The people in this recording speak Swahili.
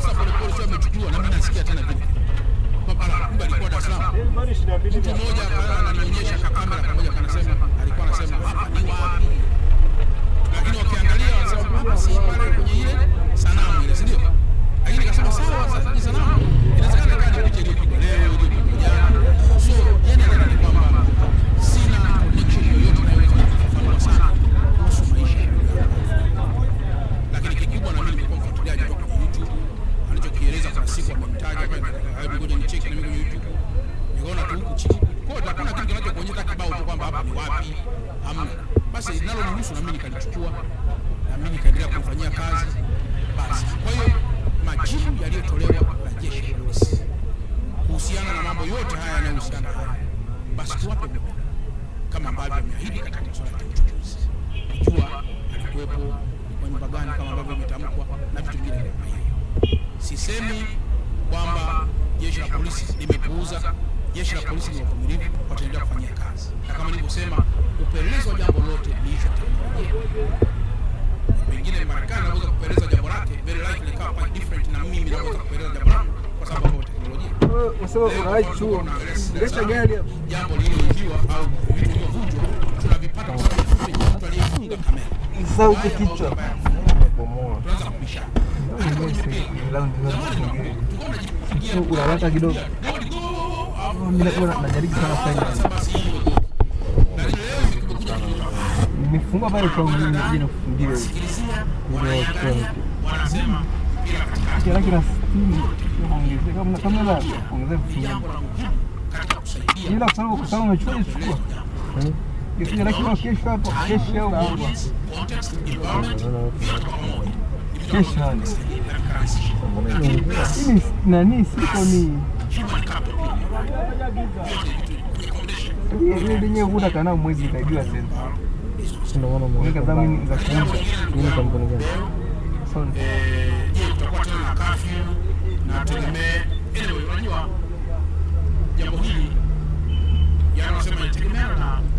kwamba sasa Polepole sio amechukuliwa, na mimi nasikia tena vile kwamba kumbe alikuwa Dar es Salaam. Mtu mmoja ananionyesha kakamera kamoja, kanasema alikuwa anasema hapa ni wapi Basi nalo niruhusu na mimi nikalichukua na mimi nikaendelea kumfanyia kazi. Basi kwa hiyo majibu yaliyotolewa na jeshi la polisi kuhusiana na mambo yote haya yanayohusiana haya, basi tuwape muda kama ambavyo ameahidi katika swala la uchaguzi, kujua alikuwepo kwa nyumba gani, kama ambavyo imetamkwa na vitu vingine kama hiyo. Sisemi kwamba jeshi la polisi limepuuza. Jeshi la polisi ni wavumilivu, wataendelea kufanyia kazi, na kama nilivyosema kupeleza jambo langu kwa sababu teknolojia. unaweka kidogo najaribu sana nimefunga pale kwa mimi, je, kila kila sitini kama kama la ongezeka kutumia ila sababu kwa sababu umechukua chukua Kesho lakini kesho hapo kesho au kubwa. Kesho hali. nani siko ni hiyo yenyewe kana mwezi itajua sasa. Ndio maana mwezi kadhaa za kuuza. Mimi kwa gani? Sonde afya na tegemee. Anyway, unajua jambo hili yanasema inategemeana na